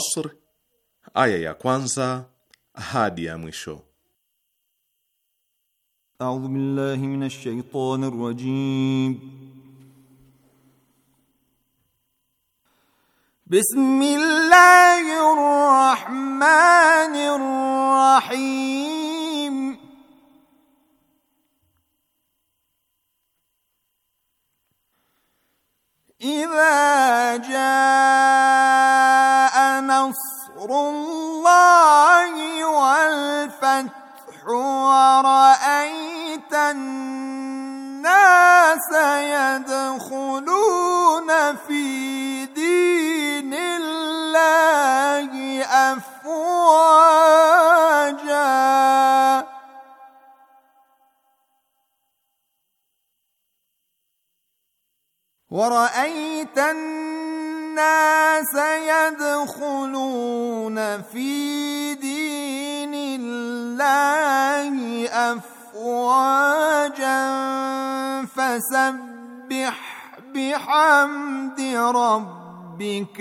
Nasr aya ya kwanza hadi ya mwisho. A'udhu billahi minash shaitanir rajim. Bismillah ورأيت الناس يدخلون في دين الله أفواجا ورأيت الناس يدخلون في دين الله أفواجا فسبح بحمد ربك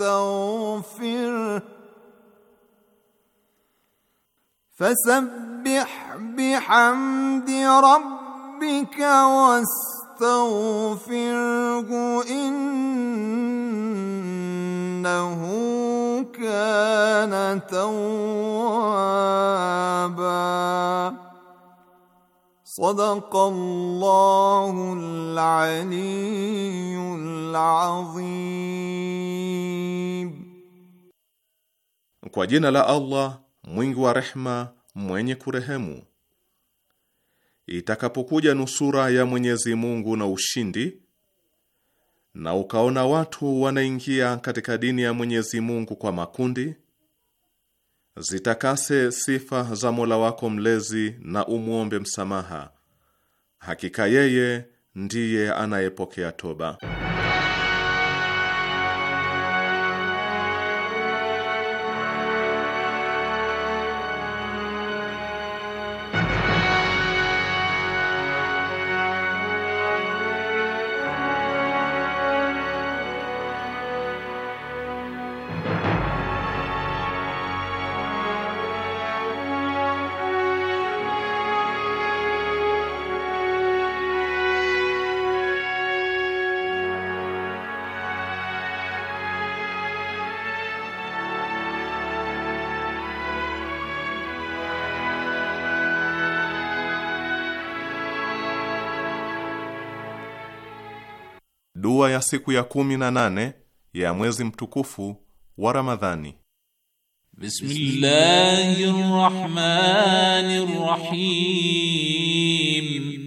واستغفره فسبح بحمد ربك واستغفره إنه كان توابا صدق الله العلي العظيم Kwa jina la Allah mwingi wa rehma mwenye kurehemu. Itakapokuja nusura ya Mwenyezi Mungu na ushindi na ukaona watu wanaingia katika dini ya Mwenyezi Mungu kwa makundi, zitakase sifa za Mola wako mlezi na umwombe msamaha. Hakika yeye ndiye anayepokea toba. Dua ya siku ya kumi na nane ya mwezi mtukufu wa Ramadhani. Bismillahirrahmanirrahim.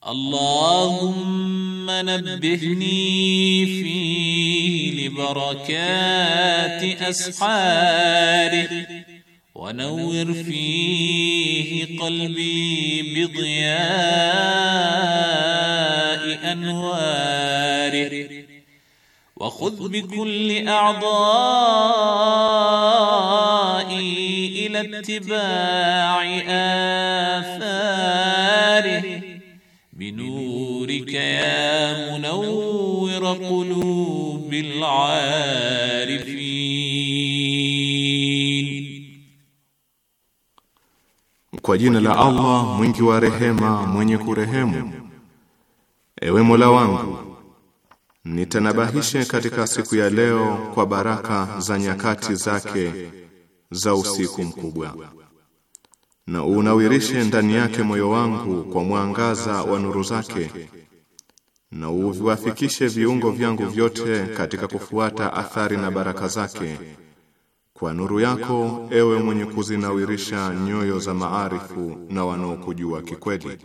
Allahumma nabbihni fi barakati ashari wa ونور فيه قلبي بضياء anwar وخذ بكل أعضاء إلى اتباع آثاره بنورك يا منور قلوب العارفين Kwa jina la Allah mwingi wa rehema mwenye kurehemu, ewe Mola wangu Nitanabahishe katika siku ya leo kwa baraka za nyakati zake za usiku mkubwa, na unawirishe ndani yake moyo wangu kwa mwangaza wa nuru zake, na uviwafikishe viungo vyangu vyote katika kufuata athari na baraka zake kwa nuru yako, ewe mwenye kuzinawirisha nyoyo za maarifu na wanaokujua kikweli.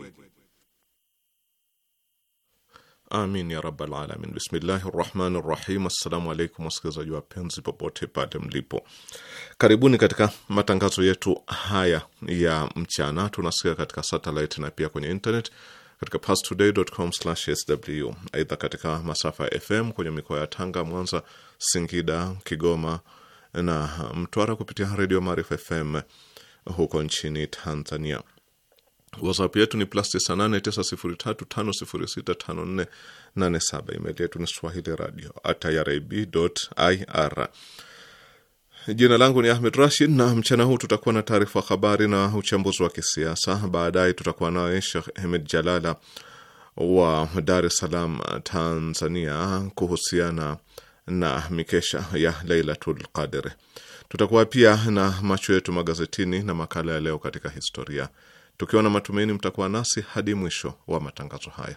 Amin ya rabbal alamin. Bismillahi rahmani rahim. Assalamu alaikum wasikilizaji wapenzi, popote pale mlipo, karibuni katika matangazo yetu haya ya mchana. Tunasikia katika satellite na pia kwenye internet katika pastoday.com/sw. Aidha, katika masafa ya FM kwenye mikoa ya Tanga, Mwanza, Singida, Kigoma na Mtwara kupitia redio Maarifa FM huko nchini Tanzania. WhatsApp yetu ni plus 989035065487. Email yetu ni swahili radio at Jina langu ni Ahmed Rashid, na mchana huu tutakuwa na taarifa habari na uchambuzi wa kisiasa. Baadaye tutakuwa naye Shekh Ahmed Jalala wa Dar es Salaam, Tanzania, kuhusiana na mikesha ya Lailatul Qadr. Tutakuwa pia na macho yetu magazetini na makala ya leo katika historia tukiwa na matumaini mtakuwa nasi hadi mwisho wa matangazo haya.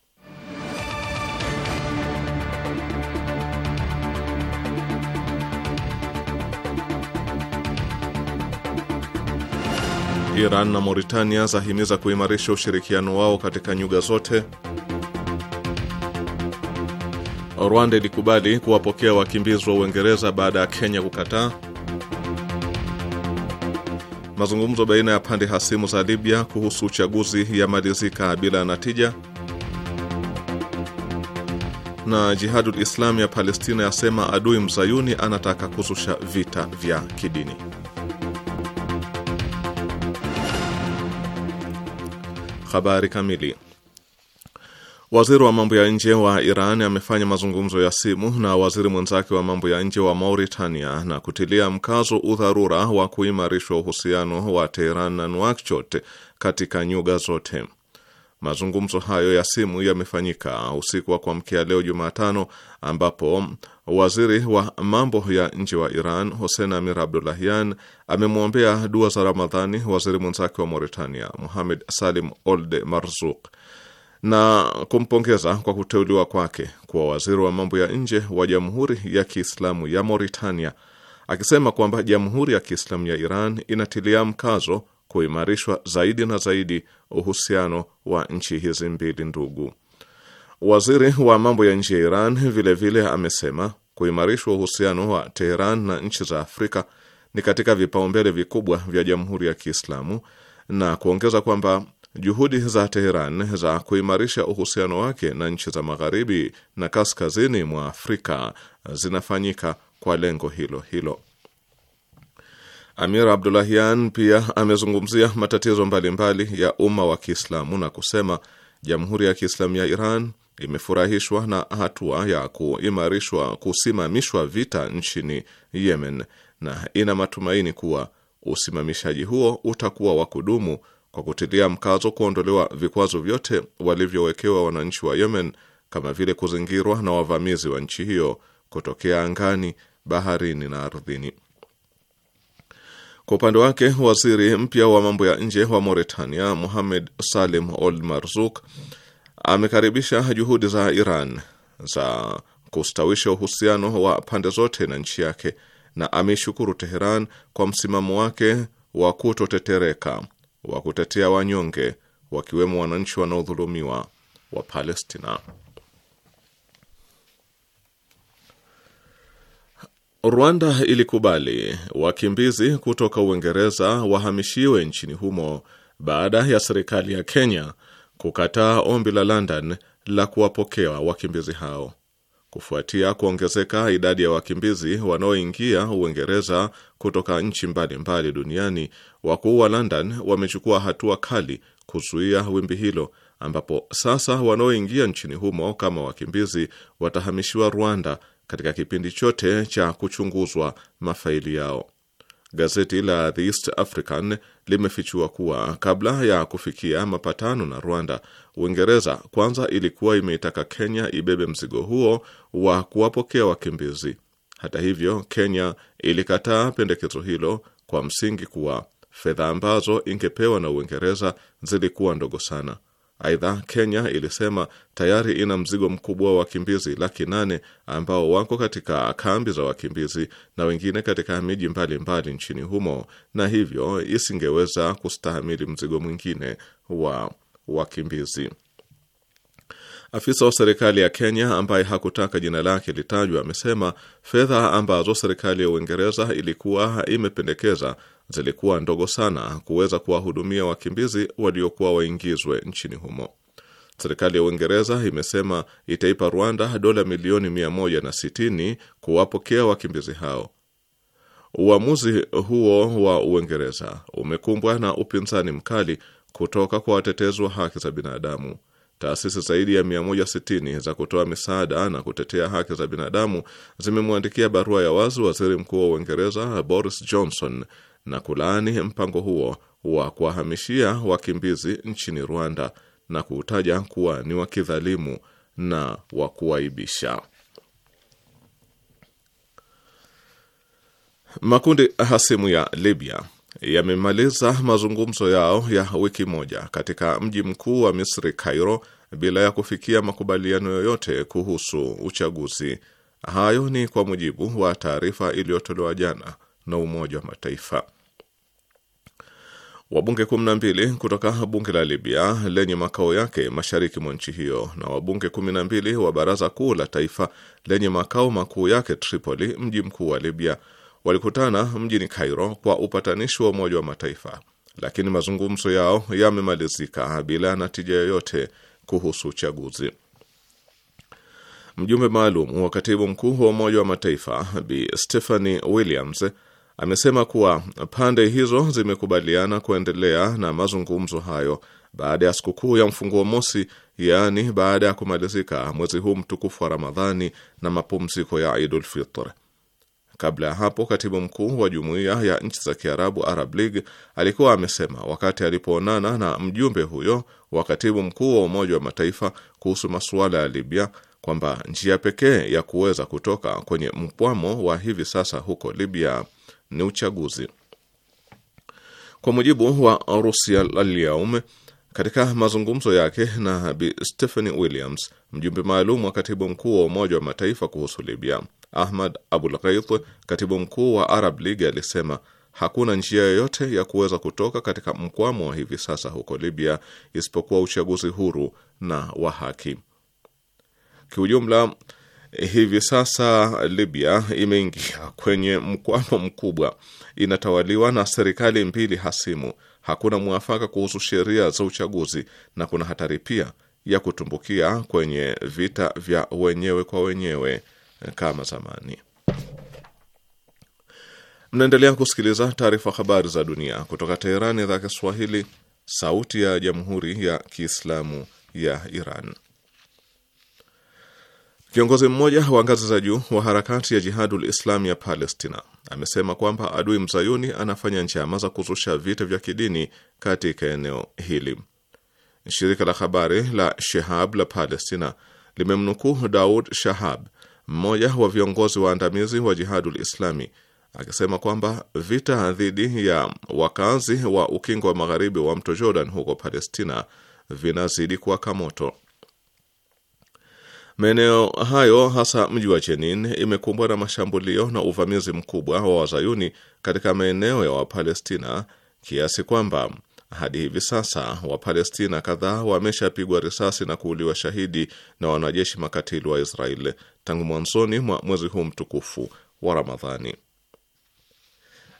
Iran na Mauritania zahimiza kuimarisha ushirikiano wao katika nyuga zote. Rwanda ilikubali kuwapokea wakimbizi wa Uingereza baada ya Kenya kukataa. Mazungumzo baina ya pande hasimu za Libya kuhusu uchaguzi yamalizika bila natija. Na Jihadul Islam ya Palestina yasema adui mzayuni anataka kuzusha vita vya kidini. Habari kamili. Waziri wa mambo ya nje wa Iran amefanya mazungumzo ya simu na waziri mwenzake wa mambo ya nje wa Mauritania na kutilia mkazo udharura wa kuimarishwa uhusiano wa Teheran na Nouakchott katika nyuga zote. Mazungumzo hayo ya simu yamefanyika usiku wa kuamkia leo Jumatano, ambapo waziri wa mambo ya nje wa Iran Hossein Amir Abdullahian amemwombea dua za Ramadhani waziri mwenzake wa Mauritania Mohamed Salim Olde Marzuk na kumpongeza kwa kuteuliwa kwake kuwa waziri wa mambo ya nje wa Jamhuri ya Kiislamu ya Mauritania, akisema kwamba Jamhuri ya Kiislamu ya Iran inatilia mkazo kuimarishwa zaidi na zaidi uhusiano wa nchi hizi mbili ndugu. Waziri wa mambo ya nje ya Iran vilevile vile amesema kuimarishwa uhusiano wa Teheran na nchi za Afrika ni katika vipaumbele vikubwa vya Jamhuri ya Kiislamu na kuongeza kwamba juhudi za Teheran za kuimarisha uhusiano wake na nchi za magharibi na kaskazini mwa Afrika zinafanyika kwa lengo hilo hilo. Amir Abdulahian pia amezungumzia matatizo mbalimbali mbali ya umma wa Kiislamu na kusema Jamhuri ya Kiislamu ya Iran imefurahishwa na hatua ya kuimarishwa kusimamishwa vita nchini Yemen na ina matumaini kuwa usimamishaji huo utakuwa wa kudumu kwa kutilia mkazo kuondolewa vikwazo vyote walivyowekewa wananchi wa Yemen kama vile kuzingirwa na wavamizi wa nchi hiyo kutokea angani, baharini na ardhini. Kwa upande wake waziri mpya wa mambo ya nje wa Mauritania, muhamed Salim Old Marzuk, amekaribisha juhudi za Iran za kustawisha uhusiano wa pande zote na nchi yake na ameishukuru Teheran kwa msimamo wake wa kutotetereka wa kutetea wanyonge, wakiwemo wananchi wanaodhulumiwa wa Palestina. Rwanda ilikubali wakimbizi kutoka Uingereza wahamishiwe nchini humo baada ya serikali ya Kenya kukataa ombi la London la kuwapokea wakimbizi hao. Kufuatia kuongezeka idadi ya wakimbizi wanaoingia Uingereza kutoka nchi mbalimbali duniani, wakuu wa London wamechukua hatua kali kuzuia wimbi hilo, ambapo sasa wanaoingia nchini humo kama wakimbizi watahamishiwa Rwanda katika kipindi chote cha kuchunguzwa mafaili yao. Gazeti la The East African limefichua kuwa kabla ya kufikia mapatano na Rwanda, Uingereza kwanza ilikuwa imeitaka Kenya ibebe mzigo huo wa kuwapokea wakimbizi. Hata hivyo, Kenya ilikataa pendekezo hilo kwa msingi kuwa fedha ambazo ingepewa na Uingereza zilikuwa ndogo sana. Aidha, Kenya ilisema tayari ina mzigo mkubwa wa wakimbizi laki nane ambao wako katika kambi za wakimbizi na wengine katika miji mbalimbali nchini humo, na hivyo isingeweza kustahamili mzigo mwingine wa wakimbizi. Afisa wa serikali ya Kenya ambaye hakutaka jina lake litajwa amesema fedha ambazo serikali ya Uingereza ilikuwa imependekeza zilikuwa ndogo sana kuweza kuwahudumia wakimbizi waliokuwa waingizwe nchini humo. Serikali ya Uingereza imesema itaipa Rwanda dola milioni 160 kuwapokea wakimbizi hao. Uamuzi huo wa Uingereza umekumbwa na upinzani mkali kutoka kwa watetezi wa haki za binadamu. Taasisi zaidi ya 160 za kutoa misaada na kutetea haki za binadamu zimemwandikia barua ya wazi waziri mkuu wa Uingereza Boris Johnson na kulaani mpango huo wa kuwahamishia wakimbizi nchini Rwanda na kuutaja kuwa ni wa kidhalimu na wa kuwaibisha. Makundi hasimu ya Libya yamemaliza mazungumzo yao ya wiki moja katika mji mkuu wa Misri, Cairo, bila ya kufikia makubaliano yoyote kuhusu uchaguzi. Hayo ni kwa mujibu wa taarifa iliyotolewa jana na Umoja wa Mataifa. Wabunge 12 kutoka bunge la Libya lenye makao yake mashariki mwa nchi hiyo na wabunge 12 wa baraza kuu la taifa lenye makao makuu yake Tripoli, mji mkuu wa Libya, walikutana mjini Cairo kwa upatanishi wa Umoja wa Mataifa, lakini mazungumzo yao yamemalizika bila ya natija yoyote kuhusu uchaguzi. Mjumbe maalum wa katibu mkuu wa Umoja wa Mataifa Bi Stephanie Williams amesema kuwa pande hizo zimekubaliana kuendelea na mazungumzo hayo baada ya sikukuu ya mfunguo mosi, yaani baada ya kumalizika mwezi huu mtukufu wa Ramadhani na mapumziko ya Idul Fitr. Kabla ya hapo, katibu mkuu wa jumuiya ya nchi za Kiarabu, Arab League, alikuwa amesema wakati alipoonana na mjumbe huyo wa katibu mkuu wa Umoja wa Mataifa kuhusu masuala ya Libya kwamba njia pekee ya kuweza kutoka kwenye mkwamo wa hivi sasa huko Libya ni uchaguzi. Kwa mujibu wa Rusia al katika mazungumzo yake na Bi Stephanie Williams, mjumbe maalum wa katibu mkuu wa Umoja wa Mataifa kuhusu Libya, Ahmad Abul Gheith, katibu mkuu wa Arab League, alisema hakuna njia yoyote ya kuweza kutoka katika mkwamo wa hivi sasa huko Libya isipokuwa uchaguzi huru na wa haki. Kiujumla, Hivi sasa Libya imeingia kwenye mkwamo mkubwa, inatawaliwa na serikali mbili hasimu, hakuna mwafaka kuhusu sheria za uchaguzi na kuna hatari pia ya kutumbukia kwenye vita vya wenyewe kwa wenyewe kama zamani. Mnaendelea kusikiliza taarifa habari za dunia kutoka Teherani, idhaa Kiswahili, sauti ya jamhuri ya kiislamu ya Iran. Kiongozi mmoja wa ngazi za juu wa harakati ya Jihadul Islam ya Palestina amesema kwamba adui mzayuni anafanya njama za kuzusha vita vya kidini katika eneo hili. Shirika la habari la Shehab la Palestina limemnukuu Daud Shahab, mmoja wa viongozi waandamizi wa Jihadul Islami, akisema kwamba vita dhidi ya wakazi wa ukingo wa magharibi wa mto Jordan huko Palestina vinazidi kuwaka moto. Maeneo hayo hasa mji wa Jenin imekumbwa na mashambulio na uvamizi mkubwa wa wazayuni katika maeneo ya Wapalestina kiasi kwamba hadi hivi sasa Wapalestina kadhaa wameshapigwa risasi na kuuliwa shahidi na wanajeshi makatili wa israel tangu mwanzoni mwa mwezi huu mtukufu wa Ramadhani.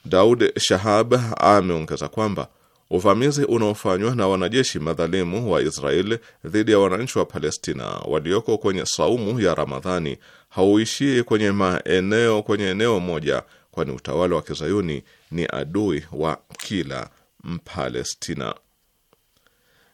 Daud Shahab ameongeza kwamba Uvamizi unaofanywa na wanajeshi madhalimu wa Israeli dhidi ya wananchi wa Palestina walioko kwenye saumu ya Ramadhani hauishii kwenye maeneo kwenye eneo moja, kwani utawala wa kizayuni ni adui wa kila Mpalestina.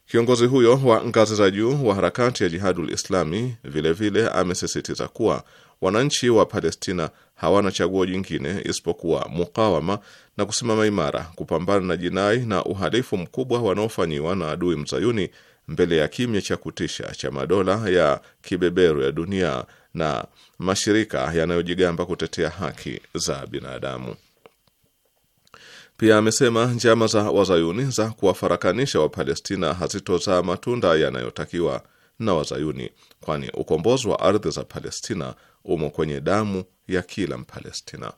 Kiongozi huyo wa ngazi za juu wa harakati ya Jihadul Islami vilevile amesisitiza kuwa wananchi wa Palestina hawana chaguo jingine isipokuwa mukawama na kusimama imara kupambana na jinai na uhalifu mkubwa wanaofanyiwa na adui mzayuni mbele ya kimya cha kutisha cha madola ya kibeberu ya dunia na mashirika yanayojigamba kutetea haki za binadamu. Pia amesema njama za wazayuni za kuwafarakanisha Wapalestina hazitozaa matunda yanayotakiwa na wazayuni, kwani ukombozi wa ardhi za Palestina umo kwenye damu ya kila Mpalestina.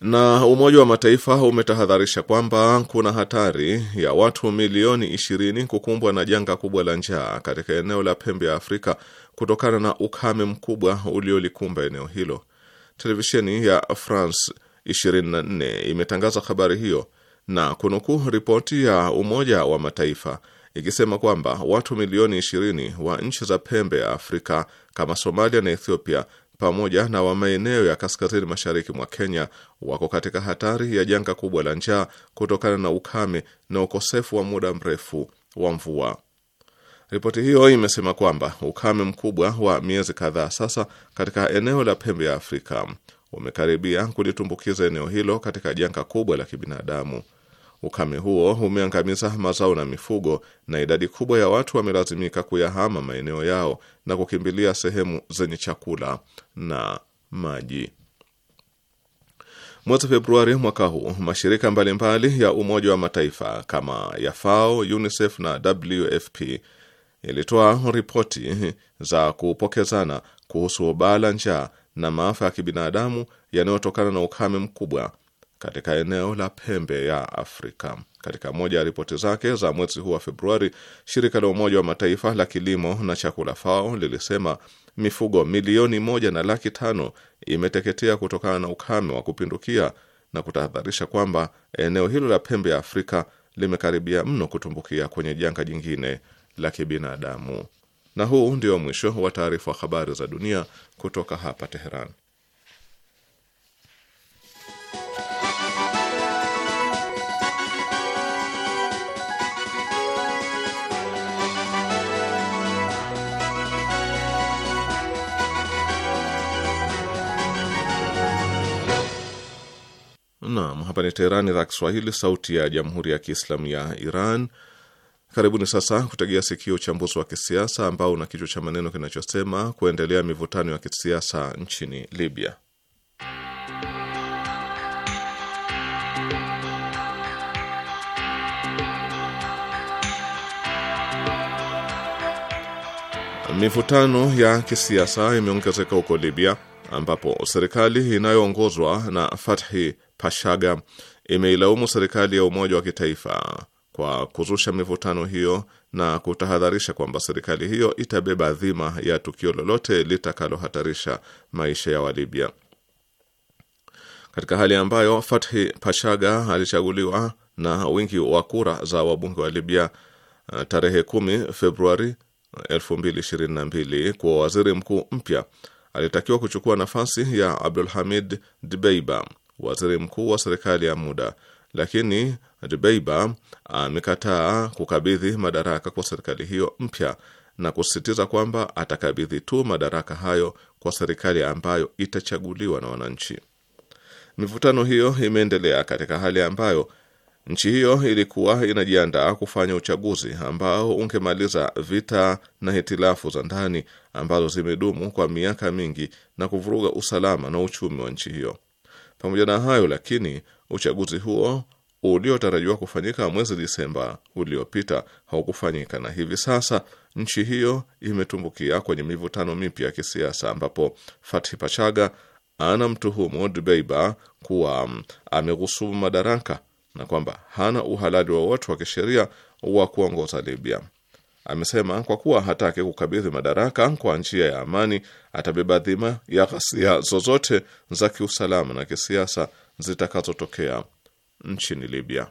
Na Umoja wa Mataifa umetahadharisha kwamba kuna hatari ya watu milioni ishirini kukumbwa na janga kubwa la njaa katika eneo la pembe ya Afrika kutokana na ukame mkubwa uliolikumba eneo hilo. Televisheni ya France 24 imetangaza habari hiyo na kunukuu ripoti ya Umoja wa Mataifa ikisema kwamba watu milioni 20 wa nchi za pembe ya Afrika kama Somalia na Ethiopia pamoja na wa maeneo ya kaskazini mashariki mwa Kenya wako katika hatari ya janga kubwa la njaa kutokana na ukame na ukosefu wa muda mrefu wa mvua. Ripoti hiyo imesema kwamba ukame mkubwa wa miezi kadhaa sasa katika eneo la pembe ya Afrika umekaribia kulitumbukiza eneo hilo katika janga kubwa la kibinadamu. Ukame huo umeangamiza mazao na mifugo, na idadi kubwa ya watu wamelazimika kuyahama maeneo yao na kukimbilia sehemu zenye chakula na maji. Mwezi Februari mwaka huu mashirika mbalimbali mbali ya Umoja wa Mataifa kama ya FAO, UNICEF na WFP ilitoa ripoti za kupokezana kuhusu baa la njaa na maafa ya kibinadamu yanayotokana na ukame mkubwa katika eneo la pembe ya Afrika. Katika moja ya ripoti zake za mwezi huu wa Februari, shirika la Umoja wa Mataifa la kilimo na chakula FAO lilisema mifugo milioni moja na laki tano imeteketea kutokana na ukame wa kupindukia na kutahadharisha kwamba eneo hilo la pembe ya Afrika limekaribia mno kutumbukia kwenye janga jingine la kibinadamu. Na huu ndio mwisho wa taarifa wa habari za dunia kutoka hapa Teheran. Naam, hapa ni Teherani, idhaa Kiswahili, sauti ya jamhuri ya kiislamu ya Iran. Karibuni sasa kutegea sikio uchambuzi wa kisiasa ambao una kichwa cha maneno kinachosema kuendelea mivutano ya kisiasa nchini Libya. Mivutano ya kisiasa imeongezeka huko Libya ambapo serikali inayoongozwa na Fathi Pashaga imeilaumu serikali ya umoja wa kitaifa kwa kuzusha mivutano hiyo na kutahadharisha kwamba serikali hiyo itabeba dhima ya tukio lolote litakalohatarisha maisha ya Walibya. Katika hali ambayo Fathi Pashaga alichaguliwa na wingi wa kura za wabunge wa Libya uh, tarehe 10 Februari 2022 uh, kuwa waziri mkuu mpya alitakiwa kuchukua nafasi ya Abdul Hamid Dbeiba, waziri mkuu wa serikali ya muda, lakini Dbeiba amekataa kukabidhi madaraka kwa serikali hiyo mpya na kusisitiza kwamba atakabidhi tu madaraka hayo kwa serikali ambayo itachaguliwa na wananchi. Mivutano hiyo imeendelea katika hali ambayo Nchi hiyo ilikuwa inajiandaa kufanya uchaguzi ambao ungemaliza vita na hitilafu za ndani ambazo zimedumu kwa miaka mingi na kuvuruga usalama na uchumi wa nchi hiyo. Pamoja na hayo lakini, uchaguzi huo uliotarajiwa kufanyika mwezi Disemba uliopita haukufanyika, na hivi sasa nchi hiyo imetumbukia kwenye mivutano mipya ya kisiasa ambapo Fathi Pachaga anamtuhumu Dbeiba kuwa um, ameghusumu madaraka na kwamba hana uhalali wowote wa, wa kisheria wa kuongoza Libya. Amesema kwa kuwa hataki kukabidhi madaraka kwa njia ya amani, atabeba dhima ya ghasia zozote za kiusalama na kisiasa zitakazotokea nchini Libya.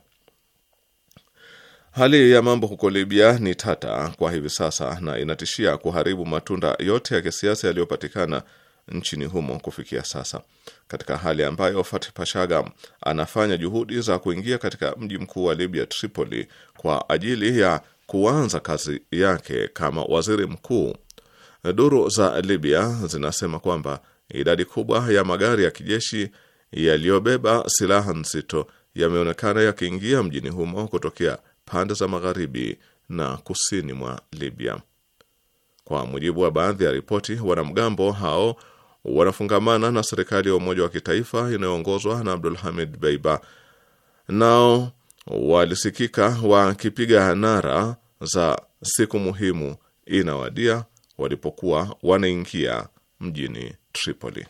Hali ya mambo huko Libya ni tata kwa hivi sasa na inatishia kuharibu matunda yote ya kisiasa yaliyopatikana nchini humo kufikia sasa, katika hali ambayo Fathi Pashaga anafanya juhudi za kuingia katika mji mkuu wa Libya, Tripoli, kwa ajili ya kuanza kazi yake kama waziri mkuu. Duru za Libya zinasema kwamba idadi kubwa ya magari ya kijeshi yaliyobeba silaha nzito yameonekana yakiingia mjini humo kutokea pande za magharibi na kusini mwa Libya. Kwa mujibu wa baadhi ya ripoti, wanamgambo hao wanafungamana na serikali ya umoja wa kitaifa inayoongozwa na Abdul Hamid Beiba. Nao walisikika wakipiga nara za siku muhimu inawadia walipokuwa wanaingia mjini Tripoli.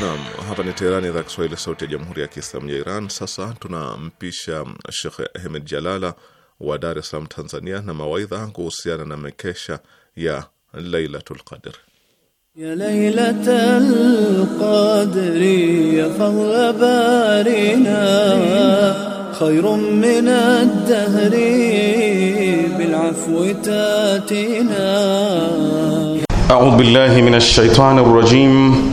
Naam. Hapa ni Teherani, idhaa Kiswahili, sauti ya jamhuri ya kiislamu ya Iran. Sasa tunampisha shekh hemed Jalala wa Dar es Salaam, Tanzania, na mawaidha kuhusiana na mekesha ya Lailatul Qadr. Ya Lailatul Qadri ya fadhla barina khayrun min ad-dahri bil afwi tatina. A'udhu billahi minash shaitani rrajim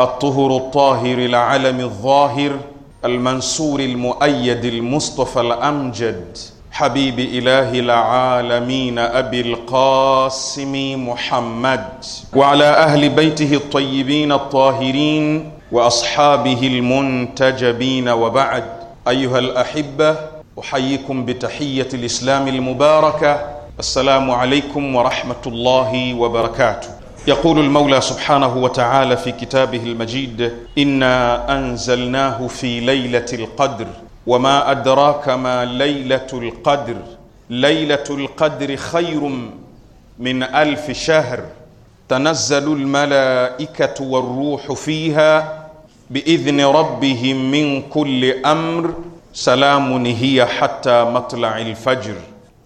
الطهر الطاهر العلم الظاهر المنصور المؤيد المصطفى الأمجد حبيب إله العالمين أبي القاسم محمد وعلى أهل بيته الطيبين الطاهرين وأصحابه المنتجبين وبعد أيها الأحبة أحييكم بتحية الإسلام المباركة السلام عليكم ورحمة الله وبركاته يقول المولى سبحانه وتعالى في كتابه المجيد انا انزلناه في ليله القدر وما ادراك ما ليله القدر ليله القدر خير من الف شهر تنزل الملائكه والروح فيها باذن ربهم من كل امر سلام هي حتى مطلع الفجر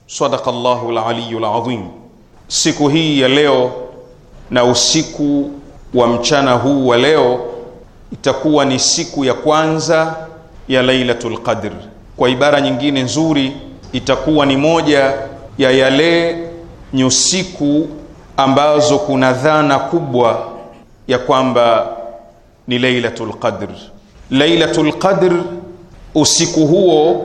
صدق الله العلي العظيم سكوهي hii na usiku wa mchana huu wa leo itakuwa ni siku ya kwanza ya Lailatul Qadr. Kwa ibara nyingine nzuri, itakuwa ni moja ya yale nyusiku ambazo kuna dhana kubwa ya kwamba ni Lailatul Qadr. Lailatul Qadr, usiku huo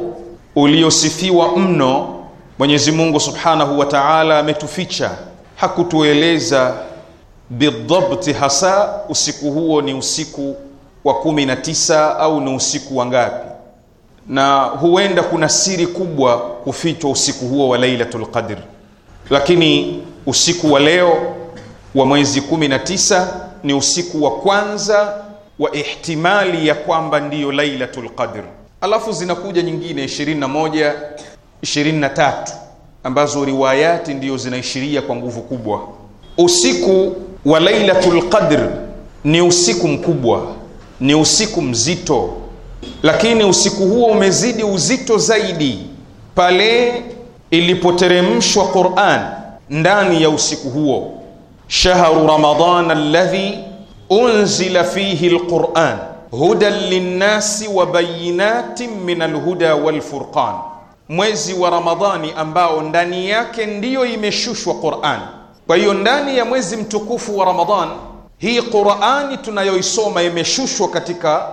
uliosifiwa mno, Mwenyezi Mungu Subhanahu wa Ta'ala ametuficha, hakutueleza bidhabti, hasa usiku huo ni usiku wa kumi na tisa au ni usiku wa ngapi? Na huenda kuna siri kubwa kufichwa usiku huo wa Lailatul Qadr, lakini usiku wa leo wa mwezi kumi na tisa ni usiku wa kwanza wa ihtimali ya kwamba ndiyo Lailatul Qadr. Alafu zinakuja nyingine 21, 23 ambazo riwayati ndiyo zinaishiria kwa nguvu kubwa usiku wa lailatul qadr ni usiku mkubwa, ni usiku mzito, lakini usiku huo umezidi uzito zaidi pale ilipoteremshwa Qur'an ndani ya usiku huo, shahru ramadana alladhi unzila fihi alquran hudan linnasi wa bayinatin min alhuda walfurqan, mwezi wa Ramadhani ambao ndani yake ndiyo imeshushwa Qur'an kwa hiyo ndani ya mwezi mtukufu wa Ramadhan, hii Qurani tunayoisoma imeshushwa katika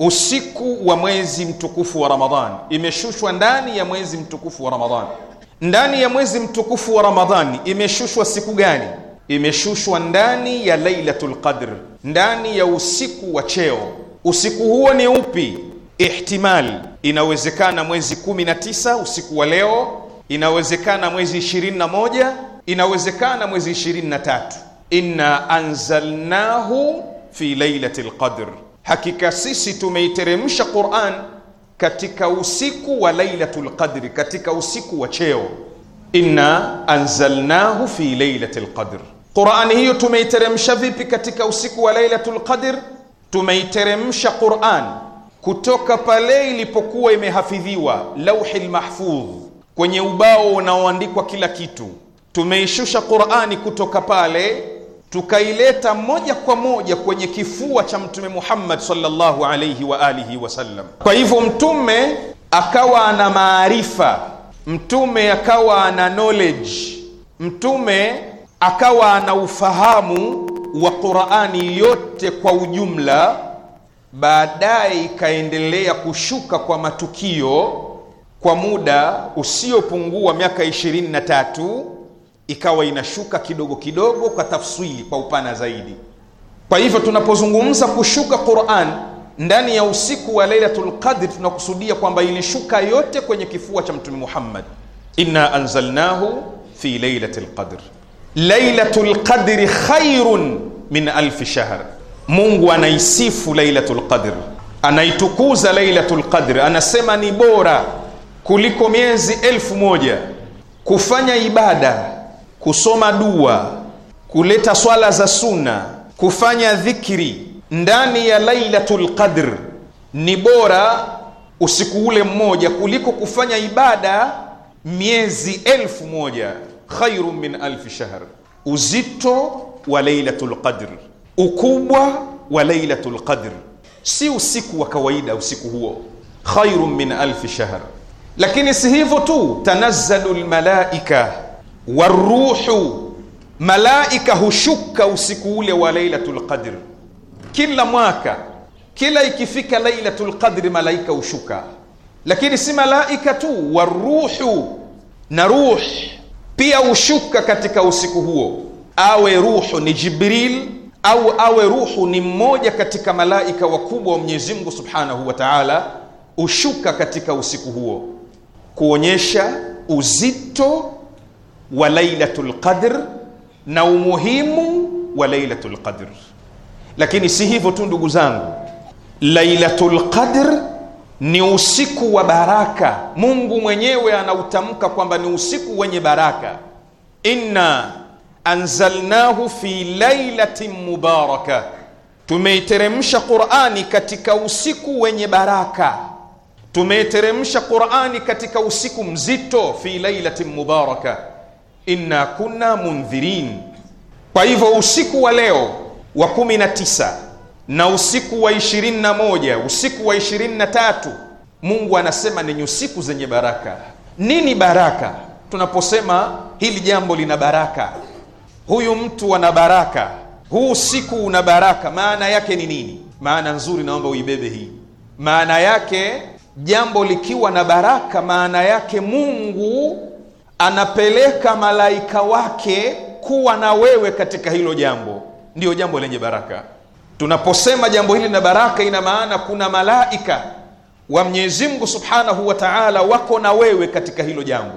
usiku wa mwezi mtukufu wa Ramadhan, imeshushwa ndani ya mwezi mtukufu wa Ramadhan. Ndani ya mwezi mtukufu wa Ramadhani imeshushwa siku gani? Imeshushwa ndani ya Lailatul Qadr, ndani ya usiku wa cheo. Usiku huo ni upi? Ihtimali, inawezekana mwezi 19 usiku wa leo, inawezekana mwezi 21 inawezekana mwezi 23 inna anzalnahu fi lailati lqadr, hakika sisi tumeiteremsha Quran katika usiku wa lailatul qadri, katika usiku wa cheo. Inna anzalnahu fi lailatul qadr. Qurani hiyo tumeiteremsha vipi? Katika usiku wa lailatul lqadr tumeiteremsha Quran kutoka pale ilipokuwa imehafidhiwa lauhi lmahfudh, kwenye ubao unaoandikwa kila kitu tumeishusha Qur'ani kutoka pale tukaileta moja kwa moja kwenye kifua cha Mtume Muhammad sallallahu alayhi wa alihi wasallam. Kwa hivyo mtume akawa ana maarifa, mtume akawa ana knowledge, mtume akawa ana ufahamu wa Qur'ani yote kwa ujumla. Baadaye ikaendelea kushuka kwa matukio kwa muda usiopungua miaka ishirini na tatu ikawa inashuka kidogo kidogo kwa tafsili, kwa upana zaidi. Kwa hivyo tunapozungumza kushuka Qur'an ndani ya usiku wa Lailatul Qadr, tunakusudia kwamba ilishuka yote kwenye kifua cha Mtume Muhammad, inna anzalnahu fi lailatil qadr, lailatul qadri khairun min alfi shahr. Mungu anaisifu Lailatul Qadr, anaitukuza Lailatul Qadr, anasema ni bora kuliko miezi elfu moja. Kufanya ibada kusoma dua, kuleta swala za suna, kufanya dhikri ndani ya Lailatul Qadr ni bora usiku ule mmoja kuliko kufanya ibada miezi elfu moja. Khairu min alfi shahr. Uzito wa Lailatul Qadr, ukubwa wa Lailatul Qadr, si usiku wa kawaida. Usiku huo khairu min alfi shahr. Lakini si hivyo tu, tanazzalu lmalaika waruhu, malaika hushuka usiku ule wa Lailatul Qadr. Kila mwaka kila ikifika Lailatul lqadri malaika hushuka, lakini si malaika tu, waruhu na ruh pia hushuka katika usiku huo, awe ruhu ni Jibril au awe ruhu ni mmoja katika malaika wakubwa wa Mwenyezi Mungu Subhanahu wa Ta'ala, hushuka katika usiku huo kuonyesha uzito wa lailatul qadr na umuhimu wa lailatul qadr. Lakini si hivyo tu ndugu zangu, lailatul qadr ni usiku wa baraka. Mungu mwenyewe anautamka kwamba ni usiku wenye baraka, inna anzalnahu fi lailatin mubaraka, tumeiteremsha Qurani katika usiku wenye baraka tumeiteremsha Qurani katika usiku mzito, fi lailatin mubaraka inna kunna mundhirin. Kwa hivyo usiku wa leo wa kumi na tisa na usiku wa ishirini na moja usiku wa ishirini na tatu Mungu anasema ni usiku zenye baraka. Nini baraka? Tunaposema hili jambo lina baraka, huyu mtu ana baraka, huu usiku una baraka, maana yake ni nini? Maana nzuri, naomba uibebe hii maana yake. Jambo likiwa na baraka, maana yake Mungu anapeleka malaika wake kuwa na wewe katika hilo jambo. Ndiyo jambo lenye baraka. Tunaposema jambo hili na baraka, ina maana kuna malaika wa Mwenyezi Mungu Subhanahu wa Ta'ala wako na wewe katika hilo jambo.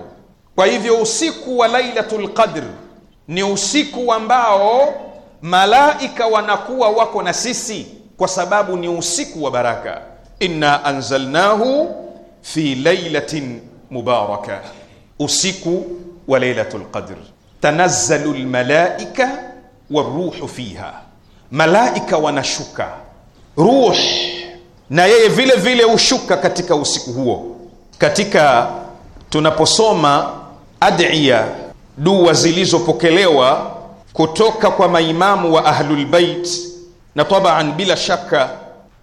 Kwa hivyo usiku wa Lailatul Qadr ni usiku ambao malaika wanakuwa wako na sisi, kwa sababu ni usiku wa baraka. Inna anzalnahu fi lailatin mubarakah usiku wa Lailatul Qadr, tanazzalu lmalaika waruhu fiha, malaika wanashuka, ruh na yeye vile vile hushuka katika usiku huo. Katika tunaposoma adiya dua zilizopokelewa kutoka kwa maimamu wa Ahlulbait na tabaan, bila shaka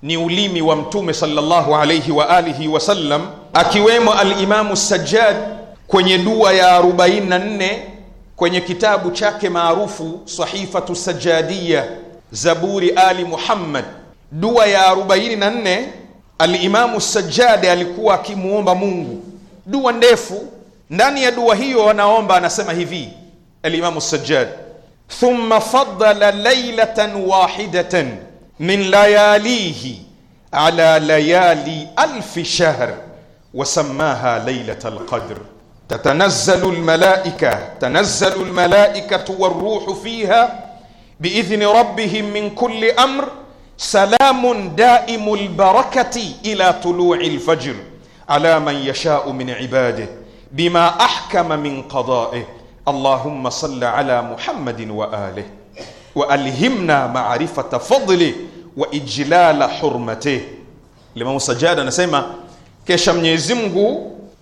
ni ulimi wa Mtume sallallahu alayhi wa alihi wasallam, akiwemo Alimamu Sajjad kwenye dua ya 44 kwenye kitabu chake maarufu Sahifatu Sajadiya Zaburi Ali Muhammad, dua ya 44 Alimamu Sajjadi alikuwa akimuomba Mungu, dua ndefu. Ndani ya dua hiyo anaomba, anasema hivi Alimamu Sajjadi, thumma faddala lailatan wahidatan min layalihi ala layali alfi shahr wasamaha lailat alqadr تتنزل الملائكة تنزل الملائكة والروح فيها بإذن ربهم من كل أمر سلام دائم البركة إلى طلوع الفجر على من يشاء من عباده بما أحكم من قضائه اللهم صل على محمد وآله وألهمنا معرفة فضله وإجلال حرمته لما مسجاد أنا سيما كيشا mwenyezi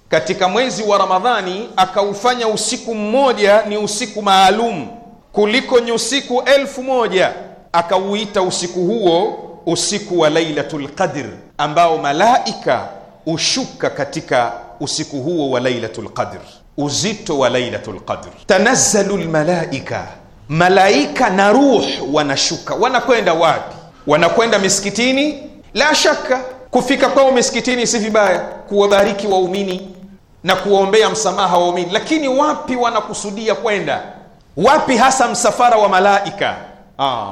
katika mwezi wa Ramadhani akaufanya usiku mmoja ni usiku maalum kuliko nyusiku usiku elfu moja akauita usiku huo usiku wa Lailatul Qadr, ambao malaika ushuka katika usiku huo wa Lailatul Qadr. Uzito wa Lailatul Qadr, tanazzalu lmalaika, malaika na ruh wanashuka. Wanakwenda wapi? Wanakwenda misikitini, la shaka kufika kwao misikitini si vibaya, kuwabariki waumini, na kuwaombea msamaha waumini, lakini wapi wanakusudia kwenda? Wapi hasa msafara wa malaika? Ah,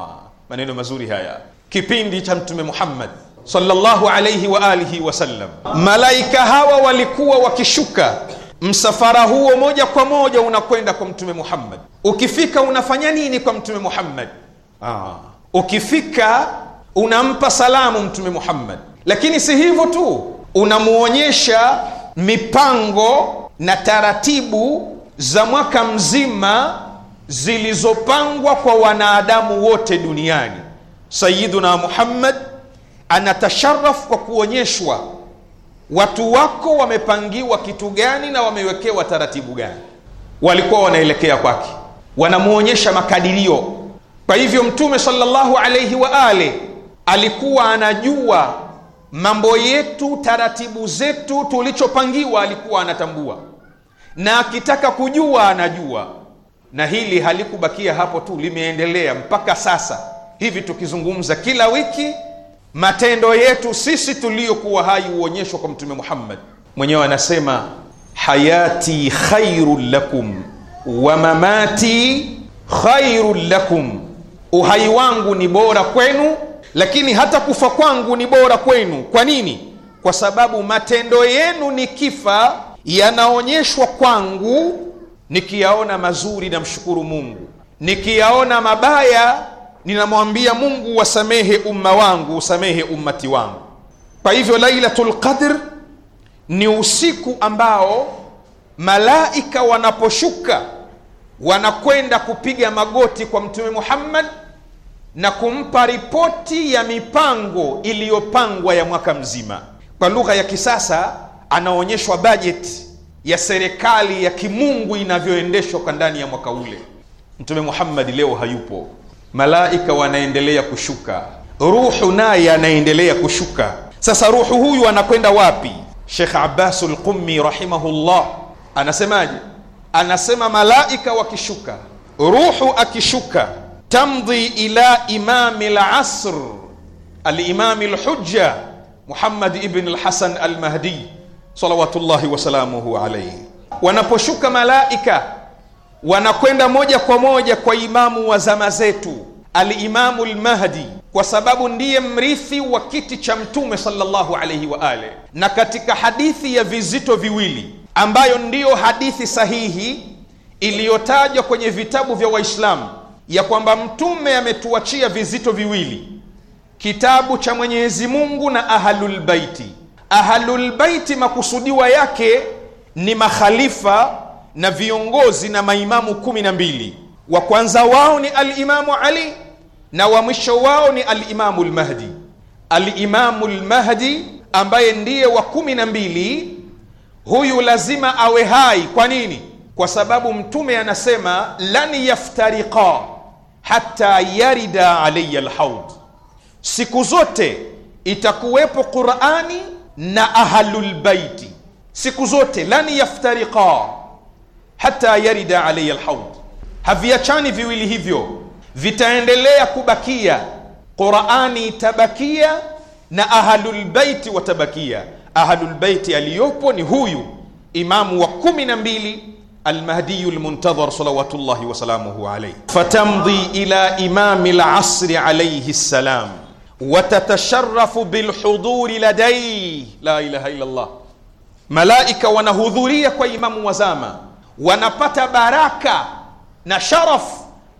maneno mazuri haya, kipindi cha Mtume Muhammad sallallahu alayhi wa alihi wasallam. Malaika hawa walikuwa wakishuka, msafara huo moja kwa moja unakwenda kwa Mtume Muhammad. Ukifika unafanya nini kwa Mtume Muhammad? Ah, ukifika unampa salamu Mtume Muhammad, lakini si hivyo tu, unamwonyesha mipango na taratibu za mwaka mzima zilizopangwa kwa wanadamu wote duniani. Sayiduna Muhammad anatasharafu kwa kuonyeshwa watu wako wamepangiwa kitu gani na wamewekewa taratibu gani, walikuwa wanaelekea kwake, wanamwonyesha makadirio. Kwa hivyo Mtume sallallahu alaihi wa ali alikuwa anajua mambo yetu, taratibu zetu, tulichopangiwa alikuwa anatambua, na akitaka kujua anajua. Na hili halikubakia hapo tu, limeendelea mpaka sasa hivi tukizungumza kila wiki matendo yetu sisi tuliyokuwa hai huonyeshwa kwa Mtume Muhammad mwenyewe anasema, hayati khairu lakum wa mamati khairu lakum, uhai wangu ni bora kwenu lakini hata kufa kwangu ni bora kwenu. Kwa nini? Kwa sababu matendo yenu nikifa yanaonyeshwa kwangu, nikiyaona mazuri na mshukuru Mungu, nikiyaona mabaya ninamwambia Mungu, wasamehe umma wangu, usamehe ummati wangu. Kwa hivyo Lailatul Qadr ni usiku ambao malaika wanaposhuka wanakwenda kupiga magoti kwa Mtume Muhammad na kumpa ripoti ya mipango iliyopangwa ya mwaka mzima. Kwa lugha ya kisasa, anaonyeshwa bajeti ya serikali ya kimungu inavyoendeshwa kwa ndani ya mwaka ule. Mtume Muhammadi leo hayupo, malaika wanaendelea kushuka, ruhu naye anaendelea kushuka. Sasa ruhu huyu anakwenda wapi? Shekh Abbasul Qummi rahimahullah anasemaje? Anasema malaika wakishuka, ruhu akishuka tamdhi ila imami lasr alimami lhujja Muhammad ibn lhasan Almahdi salawatullahi wasalamuhu alaihi. Wanaposhuka malaika wanakwenda moja kwa moja kwa imamu wa zama zetu Alimamu Lmahdi, kwa sababu ndiye mrithi wa kiti cha Mtume sallallahu alaihi wa ale. Na katika hadithi ya vizito viwili ambayo ndiyo hadithi sahihi iliyotajwa kwenye vitabu vya Waislamu ya kwamba Mtume ametuachia vizito viwili, kitabu cha Mwenyezi Mungu na ahlul baiti. Ahlul baiti makusudiwa yake ni makhalifa na viongozi na maimamu kumi na mbili. Wa kwanza wao ni Alimamu Ali na wa mwisho wao ni Alimamu Lmahdi. Alimamu Lmahdi ambaye ndiye wa kumi na mbili, huyu lazima awe hai. Kwa nini? Kwa sababu Mtume anasema lan yaftariqa hata yarida alaya lhaud, siku zote itakuwepo Qurani na ahlulbaiti siku zote, lan yaftariqa hata yarida alaya lhaud haviachani viwili hivyo, vitaendelea kubakia. Qurani itabakia na ahlulbaiti watabakia. Ahlulbaiti aliyopo ni huyu imamu wa kumi na mbili المهدي المنتظر صلوات الله وسلامه عليه فتمضي إلى إمام العصر عليه السلام وتتشرف بالحضور لديه لا إله إلا الله ملائكة ونهضورية كإمام وزاما ونبت باراكا نشرف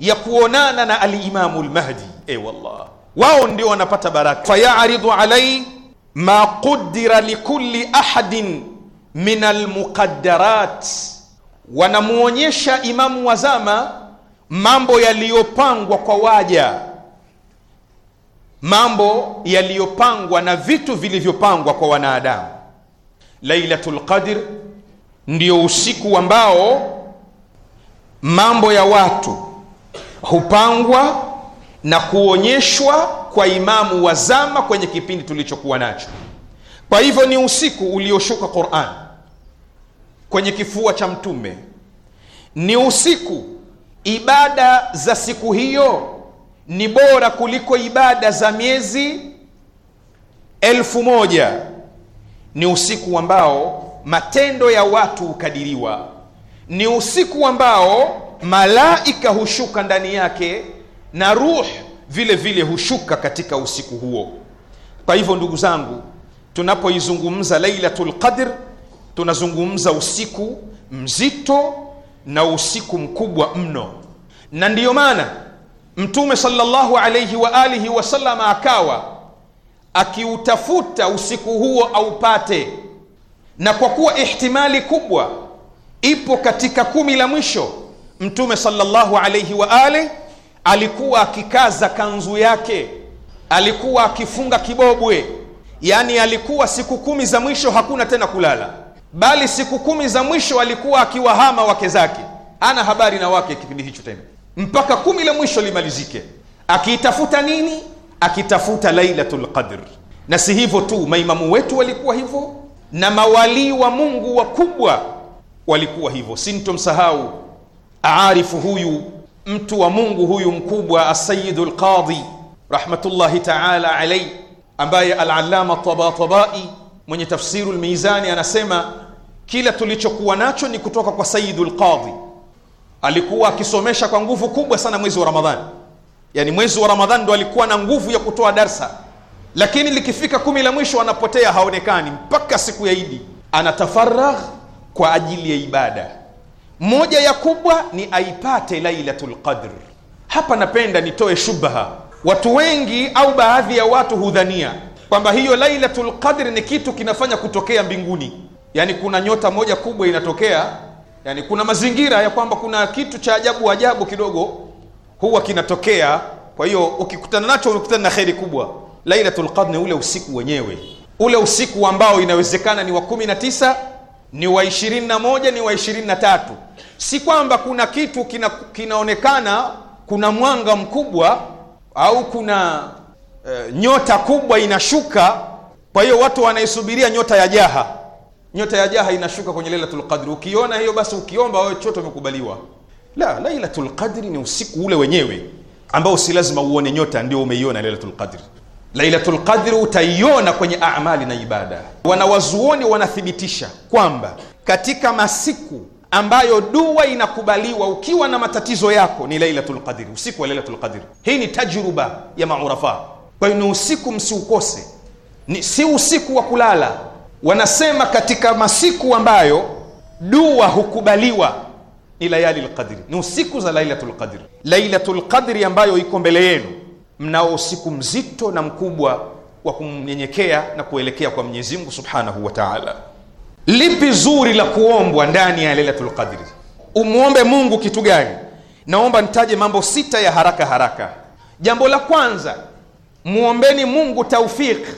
يكوناننا الإمام المهدي أي والله واوندي ونبت باراكا فيعرض عليه ما قدر لكل أحد من المقدرات wanamuonyesha imamu wa zama mambo yaliyopangwa kwa waja, mambo yaliyopangwa na vitu vilivyopangwa kwa wanadamu. Lailatul Qadr ndio usiku ambao mambo ya watu hupangwa na kuonyeshwa kwa imamu wa zama kwenye kipindi tulichokuwa nacho. Kwa hivyo ni usiku ulioshuka Qur'an kwenye kifua cha Mtume ni usiku. Ibada za siku hiyo ni bora kuliko ibada za miezi elfu moja. Ni usiku ambao matendo ya watu hukadiriwa, ni usiku ambao malaika hushuka ndani yake na ruh vile vile hushuka katika usiku huo. Kwa hivyo, ndugu zangu, tunapoizungumza lailatu lqadr tunazungumza usiku mzito na usiku mkubwa mno na ndiyo maana mtume alayhi wa alihi wasalama akawa akiutafuta usiku huo aupate na kwa kuwa ihtimali kubwa ipo katika kumi la mwisho mtume alayhi wa waalih alikuwa akikaza kanzu yake alikuwa akifunga kibobwe yani alikuwa siku kumi za mwisho hakuna tena kulala bali siku kumi za mwisho alikuwa akiwahama wake zake, ana habari na wake kipindi hicho tena, mpaka kumi la mwisho limalizike. Akiitafuta nini? Akitafuta Lailatul Qadr. Na si hivyo tu, maimamu wetu walikuwa hivyo na mawalii wa Mungu wakubwa walikuwa hivyo. Sintomsahau aarifu huyu mtu wa Mungu huyu mkubwa Asayidu Lqadhi rahmatullahi taala alaih, ambaye Alalama Tabatabai mwenye Tafsiru Lmizani anasema kila tulichokuwa nacho ni kutoka kwa Sayyidul Qadhi. Alikuwa akisomesha kwa nguvu kubwa sana mwezi wa Ramadhani, yaani mwezi wa Ramadhani ndo alikuwa na nguvu ya kutoa darsa, lakini likifika kumi la mwisho anapotea, haonekani mpaka siku ya Idi. Anatafaragh kwa ajili ya ibada. Moja ya kubwa ni aipate Lailatul Qadr. Hapa napenda nitoe shubha. Watu wengi au baadhi ya watu hudhania kwamba hiyo Lailatul Qadr ni kitu kinafanya kutokea mbinguni yani kuna nyota moja kubwa inatokea, yani kuna mazingira ya kwamba kuna kitu cha ajabu ajabu kidogo huwa kinatokea. Kwa hiyo ukikutana nacho unakutana na kheri kubwa. Lailatul Qadr, ule usiku wenyewe, ule usiku ambao inawezekana ni wa kumi na tisa ni wa ishirini na moja ni wa ishirini na tatu Si kwamba kuna kitu kina, kinaonekana kuna mwanga mkubwa au kuna e, nyota kubwa inashuka. Kwa hiyo watu wanaisubiria nyota ya jaha nyota ya jaha inashuka kwenye lailatul qadri. Ukiona hiyo basi, ukiomba wewe chote umekubaliwa. La, lailatul qadri ni usiku ule wenyewe ambao si lazima uone nyota ndio umeiona lailatul qadri. Lailatul qadri utaiona kwenye amali na ibada. Wanawazuoni wanathibitisha kwamba katika masiku ambayo dua inakubaliwa ukiwa na matatizo yako ni lailatul qadri, usiku wa lailatul qadri. Hii ni tajruba ya maurafa. Kwa hiyo ni usiku msiukose, ni si usiku wa kulala wanasema katika masiku ambayo dua hukubaliwa ni layali lqadri, ni usiku za lailatu lqadri. Lailatu lqadri ambayo iko mbele yenu, mnao usiku mzito na mkubwa wa kumnyenyekea na kuelekea kwa Mwenyezi Mungu subhanahu wa taala. Lipi zuri la kuombwa ndani ya lailatu lqadri Umwombe Mungu kitu gani? Naomba nitaje mambo sita ya haraka haraka. Jambo la kwanza, mwombeni Mungu taufiki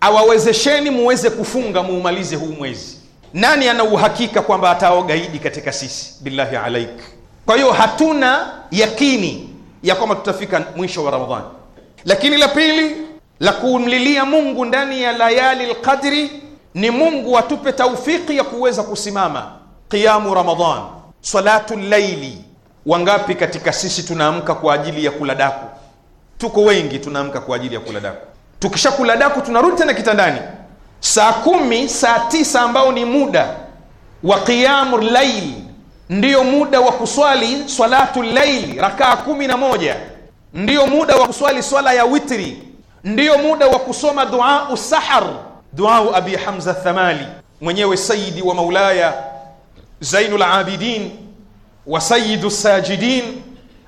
awawezesheni muweze kufunga muumalize huu mwezi. Nani ana uhakika kwamba ataogaidi katika sisi? Billahi alaik. Kwa hiyo hatuna yakini ya kwamba tutafika mwisho wa Ramadhani. Lakini la pili la kumlilia Mungu ndani ya layali lqadri ni Mungu atupe taufiki ya kuweza kusimama qiyamu Ramadhan, salatu llaili. Wangapi katika sisi tunaamka kwa ajili ya kula daku? Tuko wengi tunaamka kwa ajili ya kula daku tukishakula daku tunarudi tena kitandani saa kumi saa tisa ambao ni muda wa qiyamu lail ndiyo muda wa kuswali salatu lail rakaa kumi na moja ndiyo muda wa kuswali swala ya witri ndiyo muda wa kusoma duau sahar duau abi hamza thamali mwenyewe sayidi wa maulaya zainu labidin wa sayidu sajidin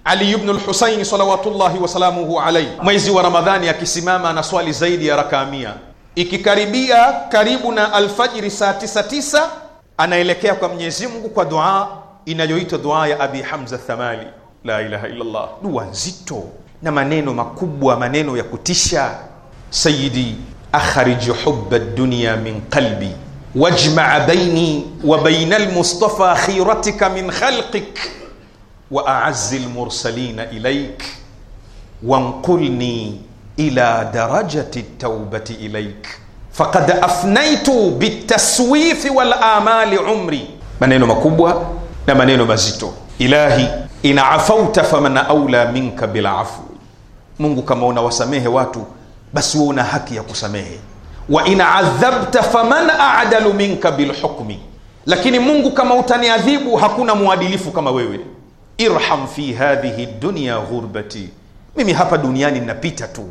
ali ibn al-Husaini salawatullahi wasalamuhu alaihi, mwezi wa Ramadhani akisimama na swali zaidi ya rakaa mia ikikaribia karibu na alfajiri saa tisa tisa anaelekea kwa Mwenyezi Mungu kwa dua inayoitwa dua ya Abi Hamza Thamali, la ilaha illa Allah. Dua nzito na maneno makubwa, maneno ya kutisha. Sayyidi akhrij hubba dunya min qalbi wajmaa baini wa baina al khiratika min khalqik wa aazzi lmursalina ilaik wanqulni ila darajati taubati ilaik fakad afnaitu bitaswifi walamali umri, maneno makubwa na maneno mazito. Ilahi, ina afauta faman aula minka bilafwi, Mungu kama unawasamehe watu basi wewe una haki ya kusamehe. Wa in adhabta faman adalu minka bilhukmi, lakini Mungu kama utaniadhibu hakuna mwadilifu kama wewe irham fi hadhihi dunya ghurbati, mimi hapa duniani ninapita tu,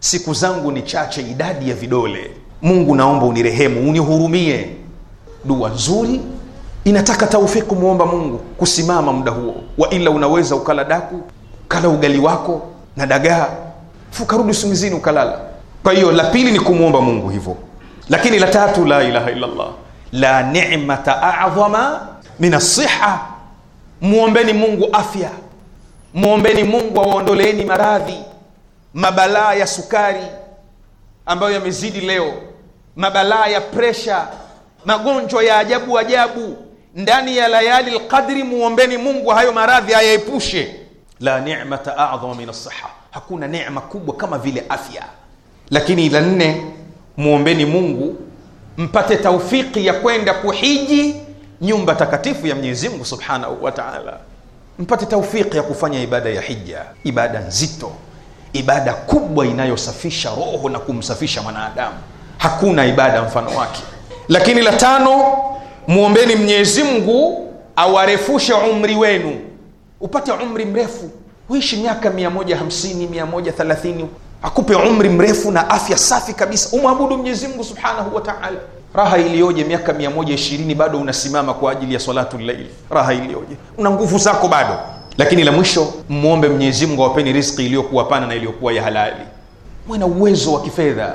siku zangu ni chache, idadi ya vidole. Mungu naomba unirehemu, unihurumie. Dua nzuri inataka taufiki kumwomba Mungu kusimama muda huo, wa ila unaweza ukala daku kala ugali wako na dagaa fukarudi usingizini ukalala. Kwa hiyo la pili ni kumwomba Mungu hivyo, lakini la tatu, la ilaha illallah la ni'mata a'dhama min asiha mwombeni mungu afya mwombeni mungu awaondoleeni maradhi mabalaa ya sukari ambayo yamezidi leo mabalaa ya presha magonjwa ya ajabu ajabu ndani ya layali lqadri muombeni mungu hayo maradhi ayaepushe la nimata adhama min alsiha hakuna nema kubwa kama vile afya lakini la nne muombeni mungu mpate taufiki ya kwenda kuhiji nyumba takatifu ya Mwenyezi Mungu Subhanahu wa Ta'ala, mpate taufiki ya kufanya ibada ya hija, ibada nzito, ibada kubwa inayosafisha roho na kumsafisha mwanadamu. Hakuna ibada mfano wake. Lakini la tano, muombeni Mwenyezi Mungu awarefushe umri wenu, upate umri mrefu, uishi miaka 150, 130, akupe umri mrefu na afya safi kabisa, umwabudu Mwenyezi Mungu Subhanahu wa Ta'ala raha iliyoje miaka 120 ishirini bado unasimama kwa ajili ya salatu llail raha iliyoje una nguvu zako bado lakini la mwisho mwombe mwenyezi mungu awapeni riski iliyokuwa pana na iliyokuwa ya halali muwe na uwezo wa kifedha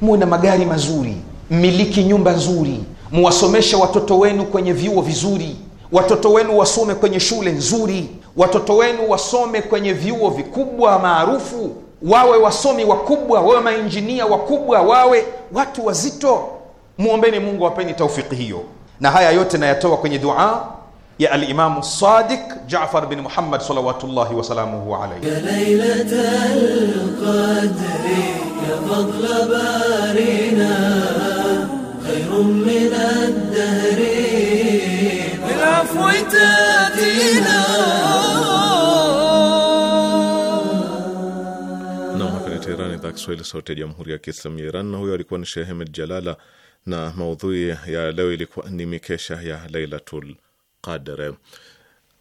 muwe na magari mazuri mmiliki nyumba nzuri muwasomeshe watoto wenu kwenye vyuo vizuri watoto wenu wasome kwenye shule nzuri watoto wenu wasome kwenye vyuo vikubwa maarufu wawe wasomi wakubwa wawe mainjinia wakubwa wawe watu wazito muombeni Mungu apeni taufiki hiyo. Na haya yote nayatoa kwenye dua ya Alimamu Sadiq Jaafar bin Muhammad salawatullahi wasalamuhu alaihi. Ya Lailatal Qadri ya fadla barina khairun min ad-dahri bil afwi tadina. Naam, hapa ni Teherani, idhaa Kiswahili, sauti ya jamhuri ya kiislamu ya Iran, na huyo alikuwa ni Shehe Ahmed Jalala na maudhui ya leo ilikuwa ni mikesha ya Lailatul Qadr.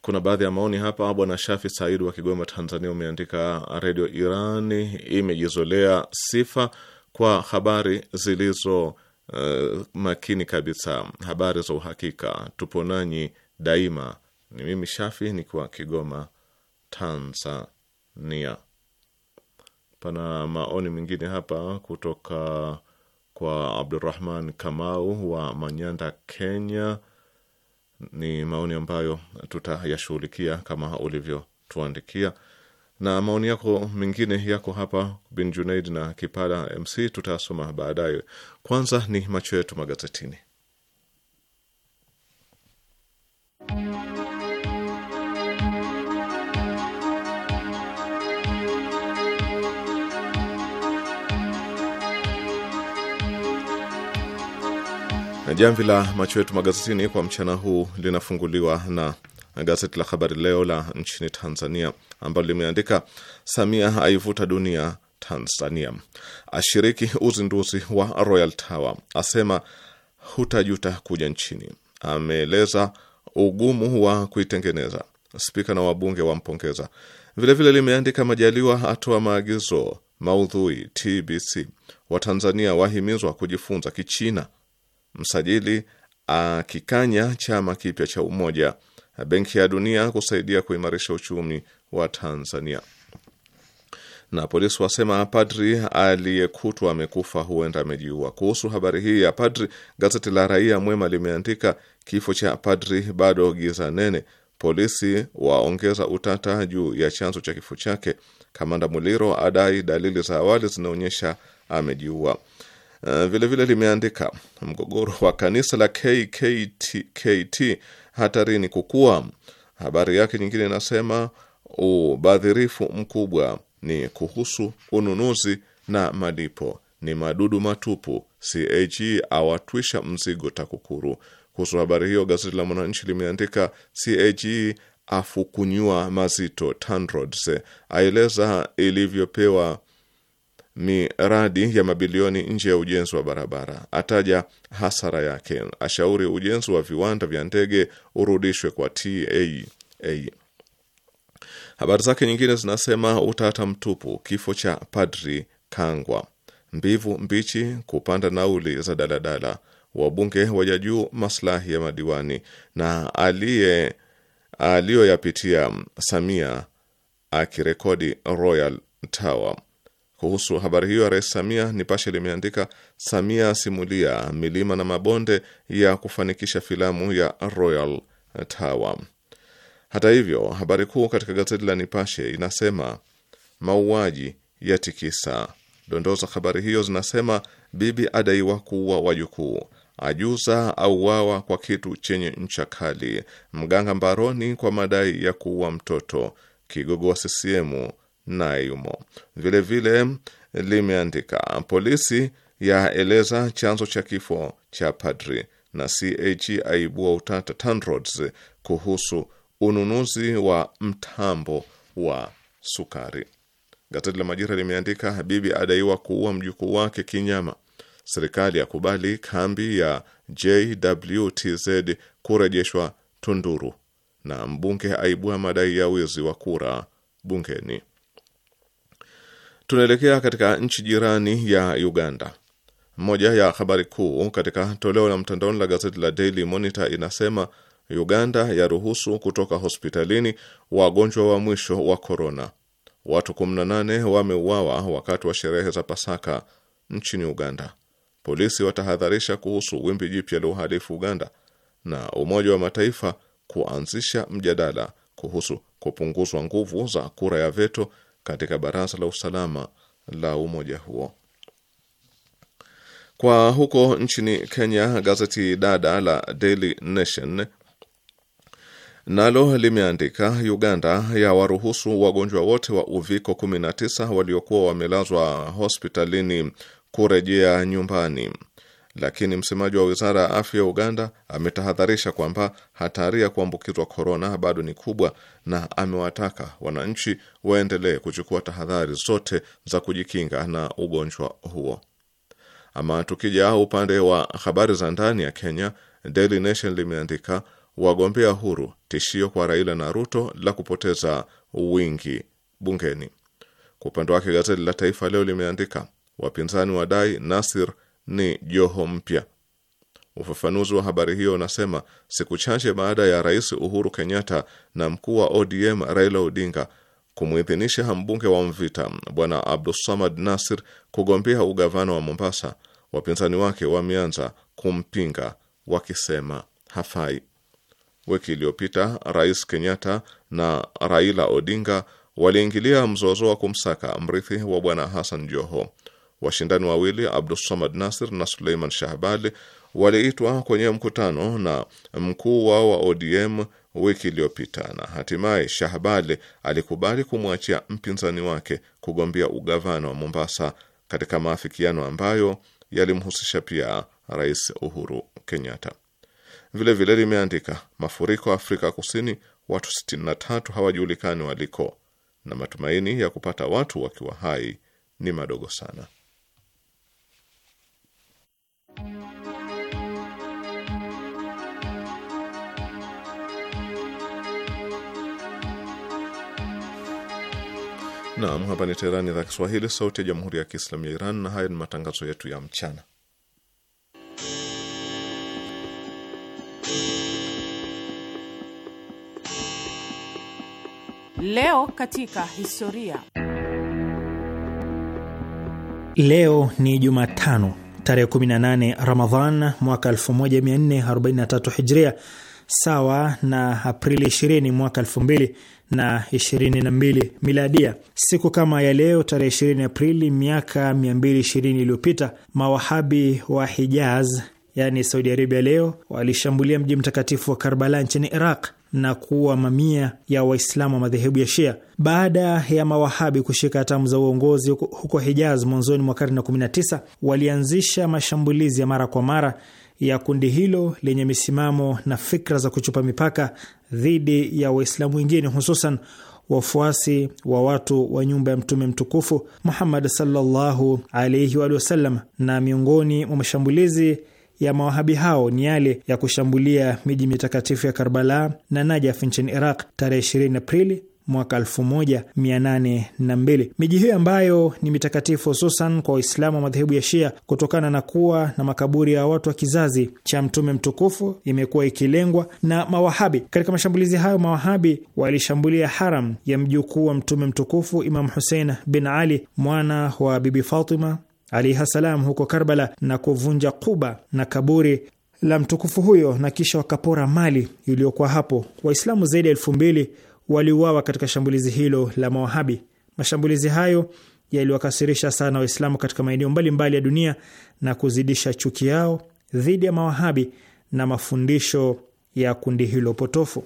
Kuna baadhi ya maoni hapa. Bwana Shafi Said wa Kigoma, Tanzania, umeandika Redio iran imejizolea sifa kwa habari zilizo uh, makini kabisa, habari za uhakika. Tupo nanyi daima. Ni mimi Shafi nikiwa Kigoma, Tanzania. Pana maoni mengine hapa kutoka kwa Abdurahman Kamau wa Manyanda, Kenya. Ni maoni ambayo tutayashughulikia kama ulivyotuandikia, na maoni yako mengine yako hapa bin Junaid na Kipala MC tutasoma baadaye. Kwanza ni macho yetu magazetini Na jamvi la macho yetu magazetini kwa mchana huu linafunguliwa na gazeti la Habari Leo la nchini Tanzania ambalo limeandika Samia aivuta dunia Tanzania, ashiriki uzinduzi wa Royal Tower, asema hutajuta kuja nchini, ameeleza ugumu wa kuitengeneza, spika na wabunge wampongeza. Vilevile limeandika Majaliwa atoa maagizo maudhui TBC, Watanzania wahimizwa kujifunza Kichina msajili akikanya chama kipya cha Umoja, Benki ya Dunia kusaidia kuimarisha uchumi wa Tanzania, na polisi wasema padri aliyekutwa amekufa huenda amejiua. Kuhusu habari hii ya padri, gazeti la Raia Mwema limeandika kifo cha padri bado giza nene, polisi waongeza utata juu ya chanzo cha kifo chake. Kamanda Muliro adai dalili za awali zinaonyesha amejiua. Vilevile eh, vile limeandika mgogoro wa kanisa la KKKT hatarini kukua. Habari yake nyingine inasema ubadhirifu mkubwa ni kuhusu ununuzi na malipo ni madudu matupu, CAG awatwisha mzigo TAKUKURU. Kuhusu habari hiyo, gazeti la Mwananchi limeandika CAG afukunywa mazito TANROADS, aeleza ilivyopewa miradi ya mabilioni nje ya ujenzi wa barabara, ataja hasara yake, ashauri ujenzi wa viwanda vya ndege urudishwe kwa TAA. Habari zake nyingine zinasema utata mtupu, kifo cha Padri Kangwa, mbivu mbichi, kupanda nauli za daladala, wabunge waja juu, maslahi ya madiwani na aliye aliyoyapitia Samia akirekodi Royal Tower. Kuhusu habari hiyo ya Rais Samia, Nipashe limeandika Samia asimulia milima na mabonde ya kufanikisha filamu ya Royal Tower. Hata hivyo, habari kuu katika gazeti la Nipashe inasema mauaji ya tikisa. Dondoo za habari hiyo zinasema bibi adaiwa kuua wajukuu, ajuza auawa kwa kitu chenye ncha kali, mganga mbaroni kwa madai ya kuua mtoto, kigogo wa CCM na yumo. Vilevile limeandika polisi yaeleza chanzo cha kifo cha padri, na CAG aibua utata TANROADS kuhusu ununuzi wa mtambo wa sukari. Gazeti la Majira limeandika bibi adaiwa kuua mjukuu wake kinyama, serikali yakubali kambi ya JWTZ kurejeshwa Tunduru, na mbunge aibua madai ya wizi wa kura bungeni. Tunaelekea katika nchi jirani ya Uganda. Moja ya habari kuu katika toleo la mtandaoni la gazeti la Daily Monitor inasema Uganda yaruhusu kutoka hospitalini wagonjwa wa mwisho wa korona. Watu 18 wameuawa wakati wa sherehe za Pasaka nchini Uganda. Polisi watahadharisha kuhusu wimbi jipya la uhalifu Uganda, na Umoja wa Mataifa kuanzisha mjadala kuhusu kupunguzwa nguvu za kura ya veto katika baraza la usalama la umoja huo. Kwa huko nchini Kenya, gazeti dada la Daily Nation nalo limeandika Uganda ya waruhusu wagonjwa wote wa uviko 19 waliokuwa wamelazwa hospitalini kurejea nyumbani lakini msemaji wa wizara ya afya ya Uganda ametahadharisha kwamba hatari ya kuambukizwa korona bado ni kubwa, na amewataka wananchi waendelee kuchukua tahadhari zote za kujikinga na ugonjwa huo. Ama tukija upande wa habari za ndani ya Kenya, Daily Nation limeandika wagombea huru tishio kwa Raila na Ruto la kupoteza wingi bungeni. Kwa upande wake gazeti la Taifa Leo limeandika wapinzani wadai Nasir ni Joho mpya. Ufafanuzi wa habari hiyo unasema siku chache baada ya Rais Uhuru Kenyatta na mkuu wa ODM Raila Odinga kumwidhinisha mbunge wa Mvita Bwana Abdulsamad Nasir kugombea ugavana wa Mombasa, wapinzani wake wameanza kumpinga wakisema hafai. Wiki iliyopita Rais Kenyatta na Raila Odinga waliingilia mzozo wa kumsaka mrithi wa Bwana Hassan Joho. Washindani wawili Abdussamad Nasir na Suleiman Shahbali waliitwa kwenye mkutano na mkuu wao wa ODM wiki iliyopita, na hatimaye Shahbali alikubali kumwachia mpinzani wake kugombea ugavana wa Mombasa katika maafikiano ambayo yalimhusisha pia Rais Uhuru Kenyatta. Vilevile limeandika mafuriko Afrika Kusini, watu 63 hawajulikani waliko, na matumaini ya kupata watu wakiwa hai ni madogo sana. Naam, hapa ni Teherani, idhaa Kiswahili, sauti ya jamhuri ya kiislamu ya Iran, na haya ni matangazo yetu ya mchana. Leo katika historia. Leo ni Jumatano tarehe 18 Ramadhan mwaka 1443 Hijria, sawa na Aprili 20 mwaka 2022 Miladia. Siku kama ya leo tarehe 20 Aprili, miaka 220 iliyopita, mawahabi wa Hijaz yaani Saudi Arabia leo walishambulia mji mtakatifu wa Karbala nchini Iraq na kuua mamia ya Waislamu wa madhehebu ya Shia baada ya mawahabi kushika hatamu za uongozi huko Hijaz mwanzoni mwa karne 19. Walianzisha mashambulizi ya mara kwa mara ya kundi hilo lenye misimamo na fikra za kuchupa mipaka dhidi ya Waislamu wengine hususan wafuasi wa watu wa nyumba ya Mtume mtukufu Muhammad sallallahu alaihi wa sallam. Na miongoni mwa mashambulizi ya mawahabi hao ni yale ya kushambulia miji mitakatifu ya Karbala na Najaf nchini Iraq tarehe 20 Aprili mwaka 1802. Miji hiyo ambayo ni mitakatifu hususan kwa Waislamu wa madhehebu ya Shia kutokana na kuwa na makaburi ya watu wa kizazi cha Mtume mtukufu imekuwa ikilengwa na mawahabi. Katika mashambulizi hayo, mawahabi walishambulia haram ya mjukuu wa Mtume mtukufu Imam Husein bin Ali mwana wa Bibi Fatima alaihi salam huko Karbala na kuvunja kuba na kaburi la mtukufu huyo na kisha wakapora mali iliyokuwa hapo. Waislamu zaidi ya elfu mbili waliuawa katika shambulizi hilo la Mawahabi. Mashambulizi hayo yaliwakasirisha sana Waislamu katika maeneo mbalimbali ya dunia na kuzidisha chuki yao dhidi ya Mawahabi na mafundisho ya kundi hilo potofu.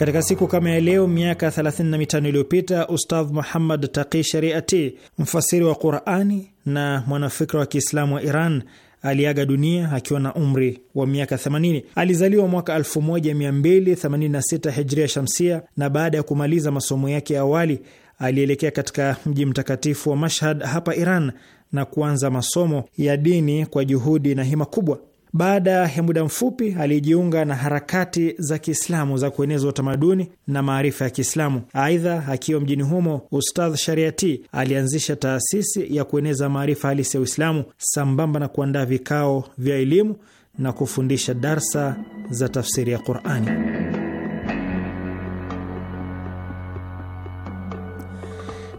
Katika siku kama ya leo miaka 35 iliyopita Ustadh Muhammad Taqi Shariati, mfasiri wa Qurani na mwanafikra wa Kiislamu wa Iran aliaga dunia akiwa na umri wa miaka 80. Alizaliwa mwaka 1286 hijria shamsia, na baada ya kumaliza masomo yake ya awali alielekea katika mji mtakatifu wa Mashhad hapa Iran na kuanza masomo ya dini kwa juhudi na hima kubwa. Baada ya muda mfupi alijiunga na harakati za Kiislamu za kueneza utamaduni na maarifa ya Kiislamu. Aidha, akiwa mjini humo, Ustadh Shariati alianzisha taasisi ya kueneza maarifa halisi ya Uislamu sambamba na kuandaa vikao vya elimu na kufundisha darsa za tafsiri ya Qurani.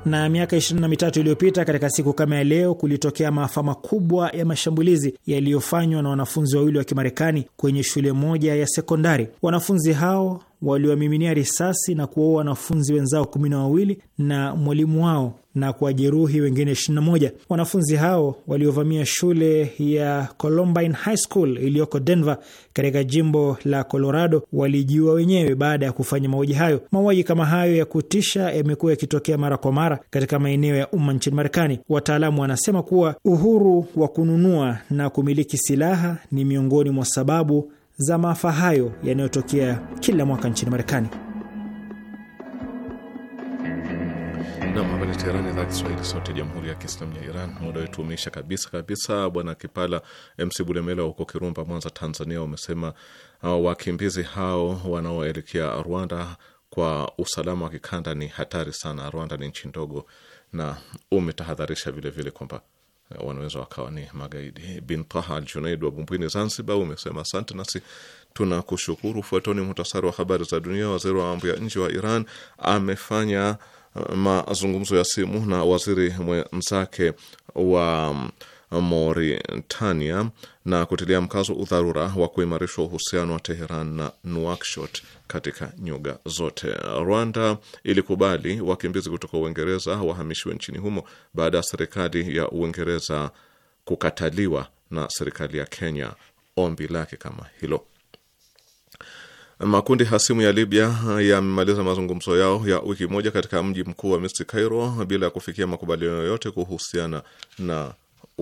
Na miaka 23 iliyopita katika siku kama ya leo kulitokea maafa makubwa ya mashambulizi yaliyofanywa na wanafunzi wawili wa Kimarekani kwenye shule moja ya sekondari. Wanafunzi hao waliwamiminia risasi na kuwaua wanafunzi wenzao kumi na wawili na mwalimu wao na kuwajeruhi wengine 21. Wanafunzi hao waliovamia shule ya Columbine High School iliyoko Denver katika jimbo la Colorado walijiua wenyewe baada ya kufanya mauaji hayo. Mauaji kama hayo ya kutisha yamekuwa yakitokea mara kwa mara katika maeneo ya umma nchini Marekani. Wataalamu wanasema kuwa uhuru wa kununua na kumiliki silaha ni miongoni mwa sababu za maafa hayo yanayotokea kila mwaka nchini Marekani. Teherani, idhaa Kiswahili, sauti ya jamhuri ya kiislamu ya Iran. Muda wetu umeisha kabisa kabisa. Bwana Kipala MC Bulemela huko Kirumba, Mwanza, Tanzania, wamesema uh, wakimbizi hao wanaoelekea Rwanda kwa usalama wa kikanda ni hatari sana. Rwanda ni nchi ndogo, na umetahadharisha vilevile kwamba wanaweza wakawa ni magaidi. Bin Taha Al Junaid wa Bumbwini, Zanzibar, umesema asante, nasi tunakushukuru. fuatoni muhtasari wa habari za dunia. Waziri wa mambo ya nje wa Iran amefanya uh, mazungumzo ya simu na waziri mwenzake wa um, Mauritania na kutilia mkazo udharura wa kuimarishwa uhusiano wa Teheran na Nuakshot katika nyuga zote. Rwanda ilikubali wakimbizi kutoka Uingereza wahamishiwe nchini humo baada ya serikali ya Uingereza kukataliwa na serikali ya Kenya ombi lake kama hilo. Makundi hasimu ya Libya yamemaliza mazungumzo yao ya wiki moja katika mji mkuu wa Misri, Cairo, bila ya kufikia makubaliano yoyote kuhusiana na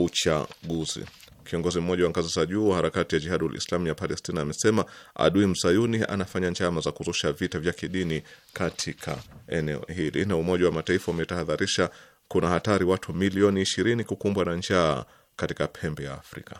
uchaguzi. Kiongozi mmoja wa ngazi za juu wa harakati ya Jihadul islam ya Palestina amesema adui msayuni anafanya njama za kuzusha vita vya kidini katika eneo hili, na Umoja wa Mataifa umetahadharisha kuna hatari watu milioni 20 kukumbwa na njaa katika pembe ya Afrika.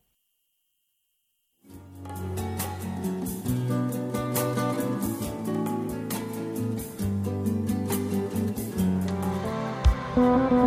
Thank you.